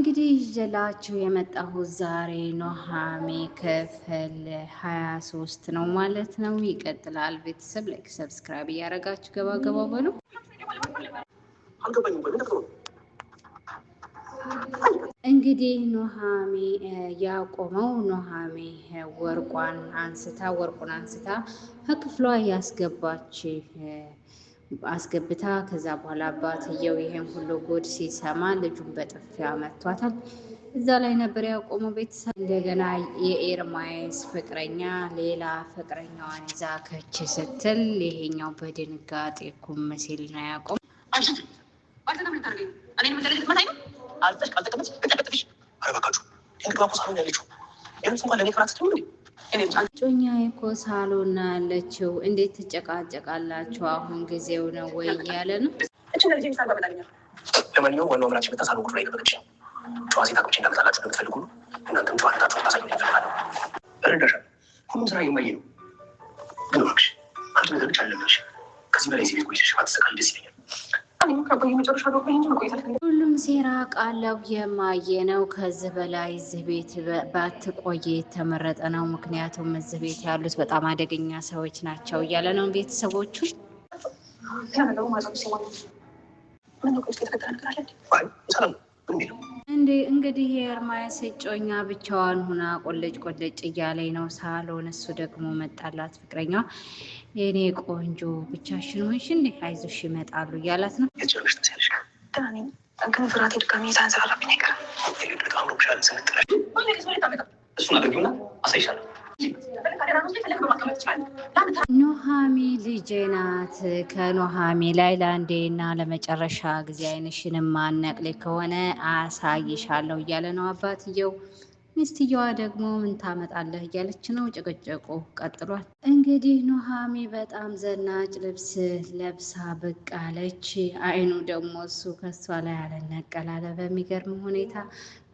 እንግዲህ ይዤላችሁ የመጣሁት ዛሬ ኖሃሜ ክፍል ሀያ ሶስት ነው ማለት ነው። ይቀጥላል። ቤተሰብ ላይክ፣ ሰብስክራይብ እያደረጋችሁ ገባ ገባ በሉ። እንግዲህ ኖሃሜ ያቆመው ኖሃሜ ወርቋን አንስታ ወርቁን አንስታ ከክፍሏ ያስገባች አስገብታ ከዛ በኋላ አባትየው ይሄን ሁሉ ጉድ ሲሰማ ልጁን በጥፊያ መቷታል። እዛ ላይ ነበር ያቆመው ቤተሰብ። እንደገና የኤርማይስ ፍቅረኛ ሌላ ፍቅረኛዋን ይዛ ከች ስትል ይሄኛው በድንጋጤ ኩም ሲል ነው ያቆመው። አንቺ ጮኛ እኮ ሳሎና ያለችው እንዴት ትጨቃጨቃላችሁ? አሁን ጊዜው ነው ወይ እያለ ነው። ለማንኛውም ዋናው ምራችን መታ ሴት አግብቼ እንዳመጣላችሁ በምትፈልጉ እናንተም ጨዋነታችሁን ሁሉም ስራ የማየ ነው። ግን ከዚህ በላይ ሁሉም ሴራ ቃለው የማየ ነው። ከዚህ በላይ እዚህ ቤት ባትቆየ የተመረጠ ነው። ምክንያቱም እዚህ ቤት ያሉት በጣም አደገኛ ሰዎች ናቸው እያለ ነው ቤተሰቦቹ። እንዴ እንግዲህ የእርማየስ እጮኛ ብቻዋን ሁና ቆለጭ ቆለጭ እያለኝ ነው ሳሎን። እሱ ደግሞ መጣላት ፍቅረኛ የኔ ቆንጆ ብቻሽን ሆንሽ እንዴ አይዞሽ ይመጣሉ እያላት ነው። ግን ኖሃሚ ልጄ ናት። ከኖሃሚ ላይ ለአንዴና ለመጨረሻ ጊዜ አይንሽን ማነቅሌ ከሆነ አሳይሻለሁ እያለ ነው አባትየው። ሚስትየዋ ደግሞ ምን ታመጣለህ እያለች ነው። ጭቅጭቁ ቀጥሏል። እንግዲህ ኖሃሚ በጣም ዘናጭ ልብስ ለብሳ ብቅ አለች። አይኑ ደግሞ እሱ ከሷ ላይ አለነቀላለ በሚገርም ሁኔታ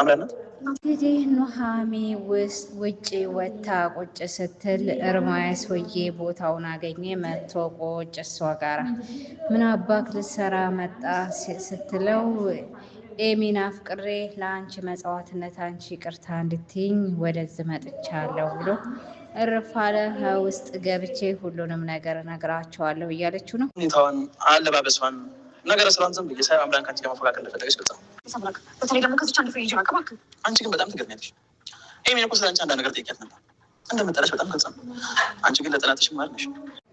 አምረናት እንግዲህ ኑሃሜ ውስጥ ውጭ ወታ ቁጭ ስትል እርማያ ሰውዬ ቦታውን አገኘ። መቶ ቁጭ እሷ ጋራ ምን አባክ ልሰራ መጣ ስትለው ኤሚን አፍቅሬ ለአንቺ መጽዋትነት አንቺ ቅርታ እንድትይኝ ወደዚህ መጥቻለሁ ብሎ እርፋለ ውስጥ ገብቼ ሁሉንም ነገር እነግራቸዋለሁ እያለችው ነው ሁኔታዋን፣ አለባበሷን ነገረ ስራን ዝም ብዬ ሳይ አምላካችን ለመፈቃቀል ለፈጠ ይስበጣል በተለይ ደግሞ ከዚች አንድ ፍሬ ይዤ በቃ እባክህ። አንቺ ግን በጣም ትገርሚያለሽ። እኮ ስለ አንቺ ነገር ጠይቂያት ነበር እንደምጠላሽ በጣም ገልጻ። አንቺ ግን ማለሽ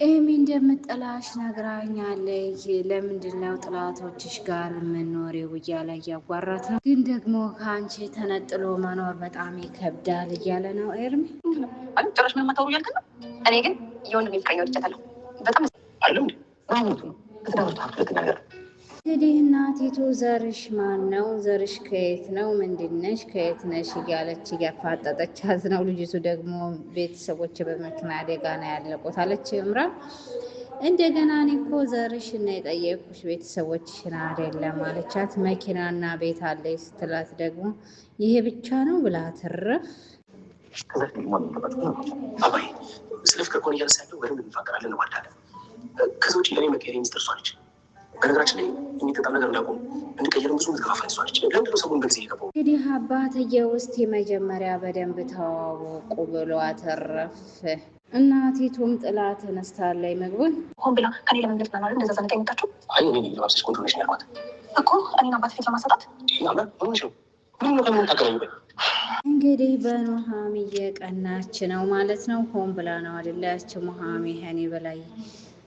ኤሚ እንደምጠላሽ ነግራኛለች። ለምንድን ነው ጥላቶችሽ ጋር የምኖሬው እያለ እያጓራት ነው። ግን ደግሞ ከአንቺ ተነጥሎ መኖር በጣም ይከብዳል እያለ ነው ኤርሚ። ጭራሽ ምን ማታወሩ እያልክ ነው? እኔ ግን የወንድ ሚፍቀኛ ወድጀታለሁ በጣም አለ ነው እንግዲህ እናቲቱ ዘርሽ ማን ነው? ዘርሽ ከየት ነው? ምንድነሽ? ከየት ነሽ? እያለች እያፋጠጠች ነው። ልጅቱ ደግሞ ቤተሰቦች በመኪና አደጋ ነው ያለቁት አለች እምራን። እንደገና እኔ እኮ ዘርሽ እና የጠየቅኩሽ ቤተሰቦችሽን አይደለም አለቻት። መኪናና ቤት አለኝ ስትላት ደግሞ ይሄ ብቻ ነው ብላ ትርፍ ስለፍ ከኮን እያነሳ ያለው በደንብ እንፋቀራለን፣ እንዋዳለን። ከዚ ውጭ ለእኔ መቀየር ሚስጥር እሷ በነገራችን ላይ የሚጠጣም ነገር እንዳቆም እንዲቀየርም ብዙ ምትካፍ አንሷች ለምድ ሰቡን ግልጽ እየገባ እንግዲህ አባትየው እስቲ መጀመሪያ በደንብ ተዋወቁ ብሎ አተረፍ እናቲቱም ጥላ ተነስታለች። ምግቡን ሆን ብላ ከኔ ለመንገድ ነው እንደዛ ዘነቀ የመጣችው። አይ እኔ ለማብሰሽ ኮንትሮሌሽን ያልኳት እኮ እኔን አባት ፊት ለማሰጣት እንግዲህ በኑሃሚ እየቀናች ነው ማለት ነው። ሆን ብላ ነው አይደላችሁ? መሀሚ ከኔ በላይ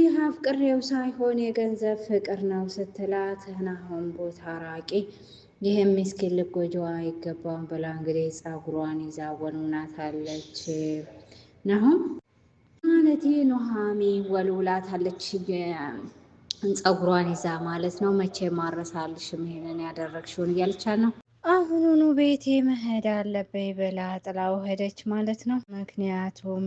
እንግዲህ አፍቅሬው ሳይሆን የገንዘብ ፍቅር ነው ስትላት ናሆም ቦታ ራቂ ይህም ምስኪን ልትጎጂው አይገባም ብላ እንግዲህ ጸጉሯን ይዛ ወኑናታለች። ናሆም ማለት ኑሃሚ ወልውላታለች ጸጉሯን ይዛ ማለት ነው። መቼ ማረሳልሽም ይሄንን ያደረግሽውን እያልቻ ነው አሁኑኑ ቤቴ መሄድ አለበይ ብላ ጥላው ሄደች ማለት ነው። ምክንያቱም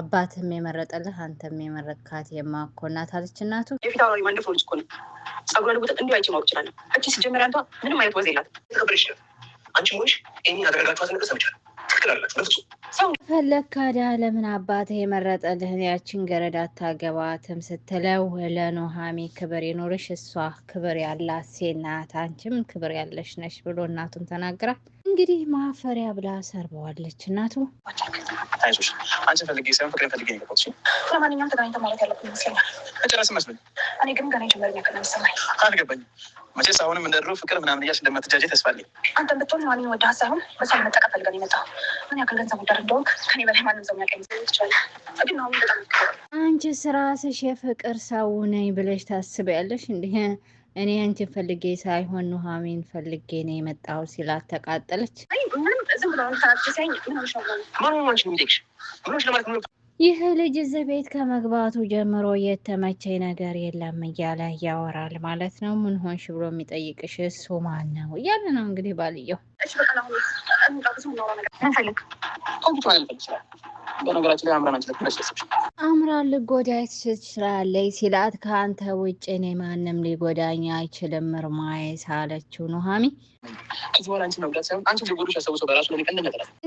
አባትም የመረጠልህ አንተም የመረጥካት የማኮ እናት አለች። እናቱ የፊታውራሪ ወንድ ፎን ስኮ ነው። ጸጉረ ልቦት እንዲሁ አይቼ ማወቅ ይችላለሁ። እቺ ሲጀመር አንቷ ምንም አይነት ወዝ የላት ተቀበለች። አንቺ ሞሽ ይህ አደረጋችኋት ነገር ሰምቻለሁ ትክክል አላት። ፈለካ ዳህ ለምን አባትህ የመረጠልህን ያችን ገረዳ አታገባትም ስትለው ለኑሃሚ ክብር የኖርሽ እሷ ክብር ያላት ሴት ናት፣ አንቺም ክብር ያለሽ ነሽ ብሎ እናቱን ተናግራ እንግዲህ ማፈሪያ ብላ ሰርበዋለች እናቱ። አንቺ ፈልጌ ሳይሆን ፍቅሬን ፈልጌ የገባሁት ለማንኛውም ተገናኝተን ማለት ያለብን ይመስለኛል። መጨረስ መስሎኝ እኔ ግን ገና የጀመርኛ ከመሰማኝ አልገባኝም መቼስ አሁንም እንደ ድሮ ፍቅር ምናምን እያልሽ እንደምትጃጀ ተስፋ አለኝ። አንተ ብትሆን ማንም ወደ ሀሳብም በሰው መጠቀ ፈልገን ነው የመጣው። ምን ያክል ገንዘብ ወዳድ እንደሆንክ ከኔ በላይ ማንም ሰው የሚያቀኝ ትችላለህ። ግን አሁን በጣም አንቺስ ራስሽ የፍቅር ሰው ነኝ ብለሽ ታስቢያለሽ? እንዲህ እኔ አንቺን ፈልጌ ሳይሆን ኑሐሚን ፈልጌ ነው የመጣው ሲላት ተቃጠለች። ምንም ዝም ብለው ታሲሰኝ ምን ሆነሽ ነው? ምን ሆነሽ ነው? ይህ ልጅ እዚህ ቤት ከመግባቱ ጀምሮ የተመቸኝ ነገር የለም እያለ ያወራል ማለት ነው። ምን ሆንሽ ብሎ የሚጠይቅሽ እሱ ማን ነው እያለ ነው እንግዲህ ባልየው በነገራችን ላይ አምራን አምራን ልጎዳ ትችላለች ሲላት ከአንተ ውጭ እኔ ማንም ሊጎዳኝ አይችልም እርማዬ ሳለችው ኑሃሚ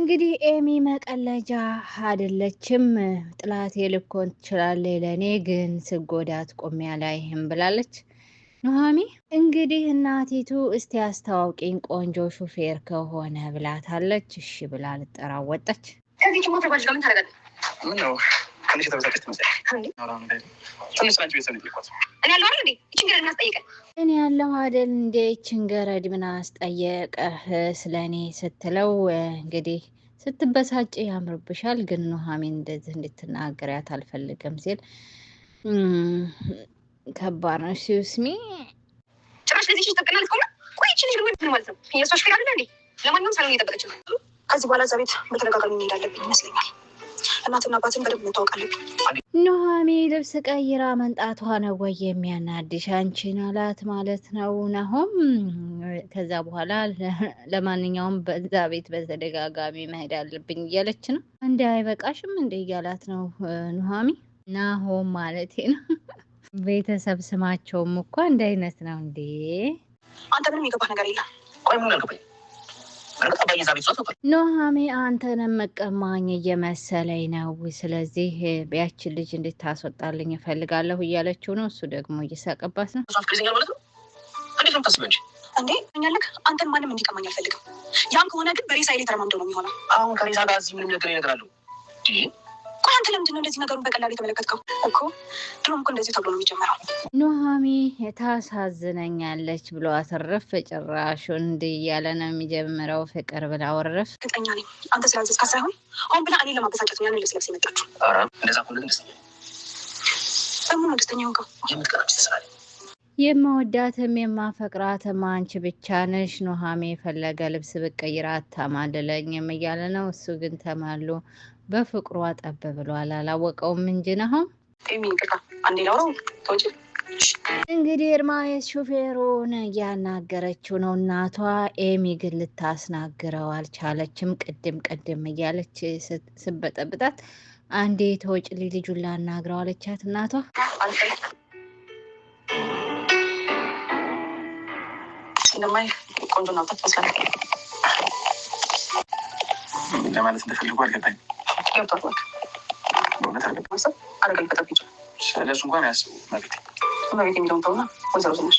እንግዲህ ኤሚ መቀለጃ አይደለችም። ጥላቴ ልኮን ትችላለች፣ ለእኔ ግን ስጎዳት ቆሚያ አላይህም ብላለች። ኑሃሚ እንግዲህ እናቲቱ እስቲ አስተዋውቂኝ ቆንጆ ሹፌር ከሆነ ብላታለች። እሺ ብላ ልጠራወጠች። ከዚህ ችሞ ተጓዥ ጋር ምን ታደርጋለህ? ምን ነው ትንሽ የተበሳጨች እኔ ያለው አይደል እንዴ ችንገረድ ምን አስጠየቀ? እኔ አስጠየቀህ? ስለ እኔ ስትለው እንግዲህ ስትበሳጭ ያምርብሻል፣ ግን ኑሐሚን እንደዚህ እንድትናገሪያት አልፈልግም ሲል ከባድ ነው። ሲውስሚ ጭራሽ ለዚህ ሽጠቅናልትቆመ ቆይችን ልጅ ማለት ነው የእሷ ሽፌር አለ እንዴ? ለማንኛውም ሳሎን እየጠበቀች ነው ከዚህ በኋላ እዛ ቤት በተደጋጋሚ መሄድ ይመስለኛል። እናትና አባትን በደንብ መታወቅ አለብኝ። ልብስ ቀይራ መንጣቷ ነው ወይ የሚያናድሽ አንቺን አላት ማለት ነው ናሆም። ከዛ በኋላ ለማንኛውም በዛ ቤት በተደጋጋሚ መሄድ አለብኝ እያለች ነው። እንደ አይበቃሽም እንደ እያላት ነው ኖሃሚ ናሆም ማለት ነው። ቤተሰብ ስማቸውም እኮ አንድ አይነት ነው እንዴ! አንተ ምንም የገባህ ነገር የለም። ቆይ ምን ኖሃሜ አንተንም መቀማኝ እየመሰለኝ ነው። ስለዚህ ቢያችን ልጅ እንድታስወጣልኝ እፈልጋለሁ እያለችው ነው። እሱ ደግሞ እየሳቀባት ነው። እንዴ አንተን ማንም እንዲቀማኝ አልፈልግም። ያም ከሆነ ግን በሬሳ ላይ ተረማምደው ነው የሚሆነው። አሁን ከሬሳ ጋር እዚህ ምንም ነገር ይነግራሉ ቆይ አንተ ለምንድን ነው እንደዚህ ነገሩን በቀላሉ የተመለከትከው? እኮ ድሮም እኮ እንደዚህ ተብሎ ነው የሚጀምረው። ኑሃሚ ታሳዝነኛለች ብሎ አተረፍ ጭራሹን እንዲህ እያለ ነው የሚጀምረው። ፍቅር ብላ ወረፍ ቅጠኛ ነኝ አንተ ስላዘዝካ ሳይሆን አሁን ብላ እኔ ለማበሳጨት ያን ልብስ ለብስ የመጣችሁ እንደዛ ሁሉ ደስ በምን ደስተኛ ሆንከው? የምትቀራች ትስራል የማወዳትም የማፈቅራትም አንቺ ብቻ ነሽ። ኑሃሜ የፈለገ ልብስ ብቀይር አታማልለኝም እያለ ነው እሱ ግን ተማሉ በፍቅሩ ጠብ ብሏል። አላወቀውም እንጂ ነው እንግዲህ ኤርማየስ ሹፌሩን እያናገረችው ነው። እናቷ ኤሚ ግን ልታስናግረው አልቻለችም። ቅድም ቅድም እያለች ስበጠብጣት አንዴ ተወጭ ልጅ ልጁን ላናግረው አለቻት እናቷ። ለማለት እንደፈልጉ አልገባኝም ህይወቷ አደጋ ሊፈጠር ይችላል። ስለሱ እንኳን ያስቡ መቤት መቤት የሚለውን ተውና ወይዘሮ ዝናሽ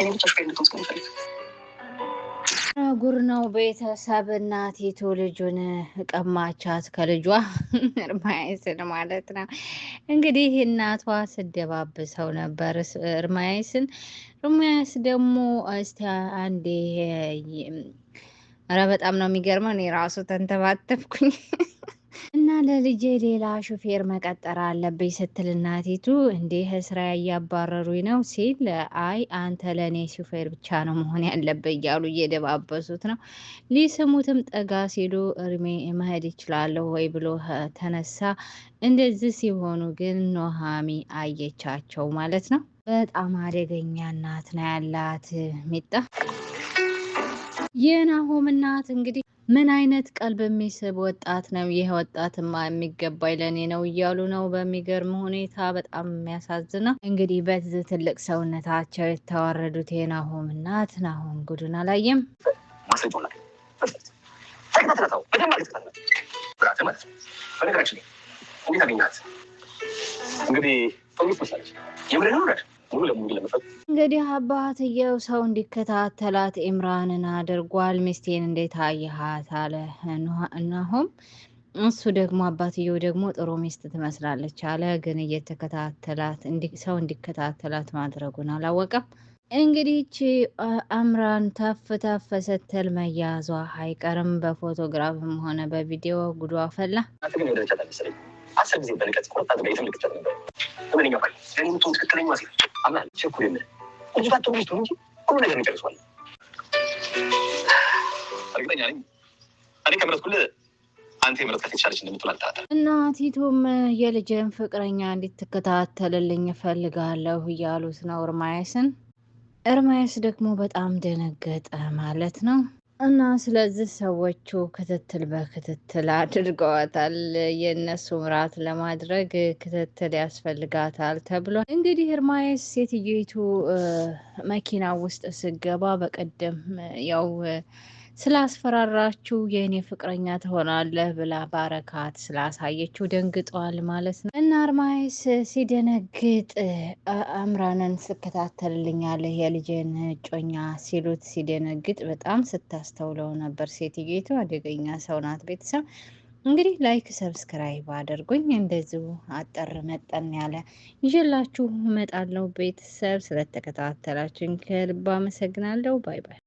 እኔ ብቻ ጉር ነው ቤተሰብ። እናቲቱ ልጁን ቀማቻት ከልጇ እርማይስን ማለት ነው። እንግዲህ እናቷ ስደባብሰው ነበር እርማይስን እርማያስ ደግሞ እስቲ አንዴ ኧረ በጣም ነው የሚገርመው። እኔ ራሱ ተንተባተብኩኝ። እና ለልጄ ሌላ ሹፌር መቀጠር አለብኝ ስትል እናቲቱ እንዲህ ስራ እያባረሩኝ ነው ሲል አይ አንተ ለእኔ ሹፌር ብቻ ነው መሆን ያለብህ እያሉ እየደባበሱት ነው። ሊስሙትም ጠጋ ሲሉ እርሜ መሄድ ይችላለሁ ወይ ብሎ ተነሳ። እንደዚህ ሲሆኑ ግን ኖሃሚ አየቻቸው ማለት ነው። በጣም አደገኛ እናት ነው ያላት ሚጣ የናሆም እናት እንግዲህ ምን አይነት ቀልብ የሚስብ ወጣት ነው ይህ ወጣትማ የሚገባኝ ለእኔ ነው እያሉ ነው። በሚገርም ሁኔታ በጣም የሚያሳዝነው እንግዲህ በዚህ ትልቅ ሰውነታቸው የተዋረዱት የናሆም እናት ናሆም ጉድን አላየም። እንግዲህ እንግዲህ አባትየው ሰው እንዲከታተላት ኤምራንን አድርጓል። ሚስቴን እንዴት አየሃት አለ ናሆም። እሱ ደግሞ አባትየው ደግሞ ጥሩ ሚስት ትመስላለች አለ። ግን እየተከታተላት ሰው እንዲከታተላት ማድረጉን አላወቀም። እንግዲህ አምራን ተፍ ተፍ ስትል መያዟ አይቀርም። በፎቶግራፍም ሆነ በቪዲዮ ጉዷ ፈላ። ምን ይገባል? ለእኔ ሴት ቸኩል የምል ሚስቱ እንጂ ሁሉ ነገር ይጨርሷል። እርግጠኛ ነኝ እኔ አንተ የመረጥከት እና ቲቱም የልጅን ፍቅረኛ እንድትከታተልልኝ እፈልጋለሁ እያሉት ነው እርማየስን። እርማየስ ደግሞ በጣም ደነገጠ ማለት ነው። እና ስለዚህ ሰዎቹ ክትትል በክትትል አድርገዋታል። የእነሱ ምራት ለማድረግ ክትትል ያስፈልጋታል ተብሎ እንግዲህ እርማዬስ ሴትዮይቱ መኪና ውስጥ ስገባ በቀደም ያው ስላስፈራራችሁ የእኔ ፍቅረኛ ትሆናለህ ብላ ባረካት ስላሳየችው ደንግጧል ማለት ነው። እና አርማይስ ሲደነግጥ አምራንን ስከታተልልኛለህ የልጄን እጮኛ ሲሉት ሲደነግጥ በጣም ስታስተውለው ነበር። ሴትየቱ አደገኛ ሰው ናት። ቤተሰብ እንግዲህ ላይክ ሰብስክራይብ አድርጉኝ። እንደዚሁ አጠር መጠን ያለ ይዤላችሁ እመጣለሁ። ቤተሰብ ስለተከታተላችን ከልብ አመሰግናለሁ። ባይ ባይ።